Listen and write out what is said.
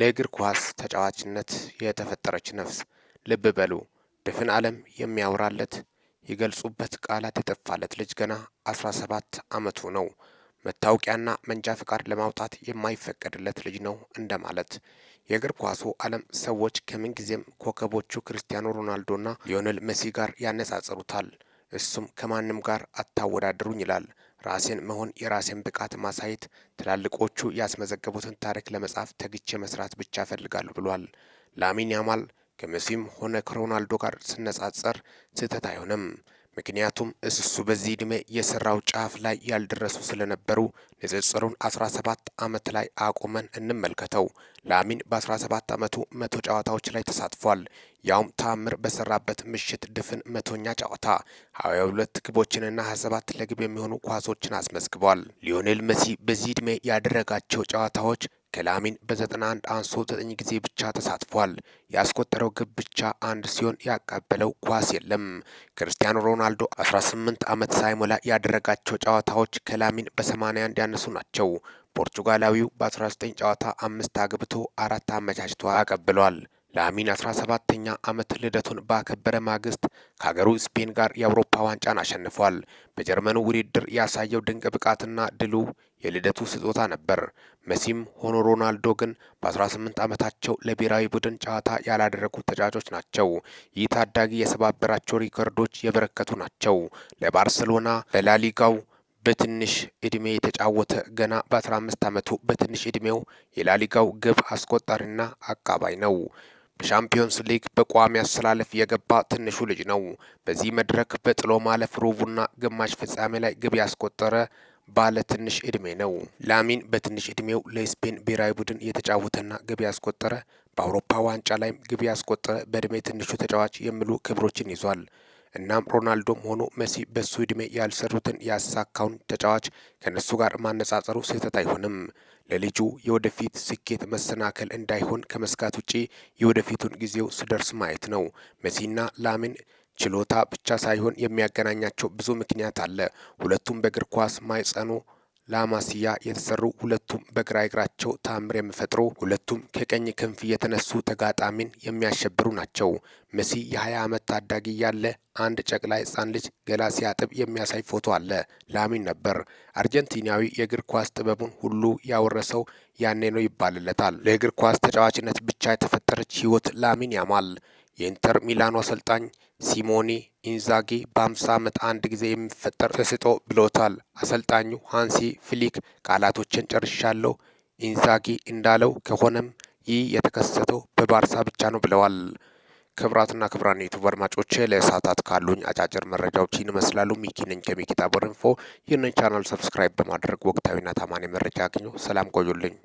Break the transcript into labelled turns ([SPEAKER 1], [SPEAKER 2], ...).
[SPEAKER 1] ለእግር ኳስ ተጫዋችነት የተፈጠረች ነፍስ። ልብ በሉ ድፍን ዓለም የሚያወራለት ይገልጹበት ቃላት የጠፋለት ልጅ ገና 17 ዓመቱ ነው። መታወቂያና መንጃ ፍቃድ ለማውጣት የማይፈቀድለት ልጅ ነው እንደማለት። የእግር ኳሱ ዓለም ሰዎች ከምንጊዜም ኮከቦቹ ክርስቲያኖ ሮናልዶና ሊዮኔል መሲ ጋር ያነጻጽሩታል። እሱም ከማንም ጋር አታወዳድሩኝ ይላል። ራሴን መሆን፣ የራሴን ብቃት ማሳየት፣ ትላልቆቹ ያስመዘገቡትን ታሪክ ለመጻፍ ተግቼ መስራት ብቻ እፈልጋለሁ ብሏል ላሚን ያማል። ከመሲም ሆነ ከሮናልዶ ጋር ስነጻጸር ስህተት አይሆንም። ምክንያቱም እሱ በዚህ ዕድሜ የሰራው ጫፍ ላይ ያልደረሱ ስለነበሩ ንጽጽሩን 17 ዓመት ላይ አቁመን እንመልከተው። ላሚን በ17 ዓመቱ መቶ ጨዋታዎች ላይ ተሳትፏል። ያውም ተአምር በሰራበት ምሽት ድፍን መቶኛ ጨዋታ 22 ግቦችንና 27 ለግብ የሚሆኑ ኳሶችን አስመዝግቧል። ሊዮኔል መሲ በዚህ ዕድሜ ያደረጋቸው ጨዋታዎች ከላሚን በ91 አንሶ 9 ጊዜ ብቻ ተሳትፏል። ያስቆጠረው ግብ ብቻ አንድ ሲሆን ያቀበለው ኳስ የለም። ክርስቲያኖ ሮናልዶ 18 ዓመት ሳይሞላ ያደረጋቸው ጨዋታዎች ከላሚን በ81 ያነሱ ናቸው። ፖርቹጋላዊው በ19 ጨዋታ አምስት አግብቶ አራት አመቻችቶ አቀብሏል። ላሚን 17ኛ ዓመት ልደቱን ባከበረ ማግስት ከሀገሩ ስፔን ጋር የአውሮፓ ዋንጫን አሸንፏል። በጀርመኑ ውድድር ያሳየው ድንቅ ብቃትና ድሉ የልደቱ ስጦታ ነበር። መሲም ሆኖ ሮናልዶ ግን በ18 ዓመታቸው ለብሔራዊ ቡድን ጨዋታ ያላደረጉ ተጫዋቾች ናቸው። ይህ ታዳጊ የሰባበራቸው ሪከርዶች የበረከቱ ናቸው። ለባርሴሎና በላሊጋው በትንሽ ዕድሜ የተጫወተ ገና በ15 ዓመቱ በትንሽ ዕድሜው የላሊጋው ግብ አስቆጣሪና አቃባይ ነው። በሻምፒዮንስ ሊግ በቋሚ አሰላለፍ የገባ ትንሹ ልጅ ነው። በዚህ መድረክ በጥሎ ማለፍ ሩቡና ግማሽ ፍጻሜ ላይ ግብ ያስቆጠረ ባለ ትንሽ እድሜ ነው። ላሚን በትንሽ እድሜው ለስፔን ብሔራዊ ቡድን የተጫወተና ግብ ያስቆጠረ፣ በአውሮፓ ዋንጫ ላይም ግብ ያስቆጠረ በእድሜ ትንሹ ተጫዋች የሚሉ ክብሮችን ይዟል። እናም ሮናልዶም ሆኖ መሲ በሱ እድሜ ያልሰሩትን ያሳካውን ተጫዋች ከነሱ ጋር ማነጻጸሩ ስህተት አይሆንም። ለልጁ የወደፊት ስኬት መሰናከል እንዳይሆን ከመስጋት ውጪ የወደፊቱን ጊዜው ስደርስ ማየት ነው። መሲና ላሚን ችሎታ ብቻ ሳይሆን የሚያገናኛቸው ብዙ ምክንያት አለ። ሁለቱም በእግር ኳስ ማይጸኑ ለአማስያ የተሰሩ ሁለቱም በግራ እግራቸው ታምር የሚፈጥሩ ሁለቱም ከቀኝ ክንፍ የተነሱ ተጋጣሚን የሚያሸብሩ ናቸው። መሲ የ20 ዓመት ታዳጊ ያለ አንድ ጨቅላ ሕፃን ልጅ ገላ ሲያጥብ የሚያሳይ ፎቶ አለ። ላሚን ነበር አርጀንቲናዊ የእግር ኳስ ጥበቡን ሁሉ ያወረሰው ያኔ ነው ይባልለታል። ለእግር ኳስ ተጫዋችነት ብቻ የተፈጠረች ሕይወት ላሚን ያማል የኢንተር ሚላኑ አሰልጣኝ ሲሞኒ ኢንዛጊ በ50 ዓመት አንድ ጊዜ የሚፈጠር ተስጦ ብሎታል። አሰልጣኙ ሃንሲ ፍሊክ ቃላቶችን ጨርሻለሁ ኢንዛጊ እንዳለው ከሆነም ይህ የተከሰተው በባርሳ ብቻ ነው ብለዋል። ክብራትና ክብራን ዩቱብ አድማጮቼ ለሰዓታት ካሉኝ አጫጭር መረጃዎች ይህን ይመስላሉ። ሚኪ ነኝ ቦር ኢንፎ። ይህንን ቻናል ሰብስክራይብ በማድረግ ወቅታዊና ታማኝ መረጃ አግኙ። ሰላም ቆዩልኝ።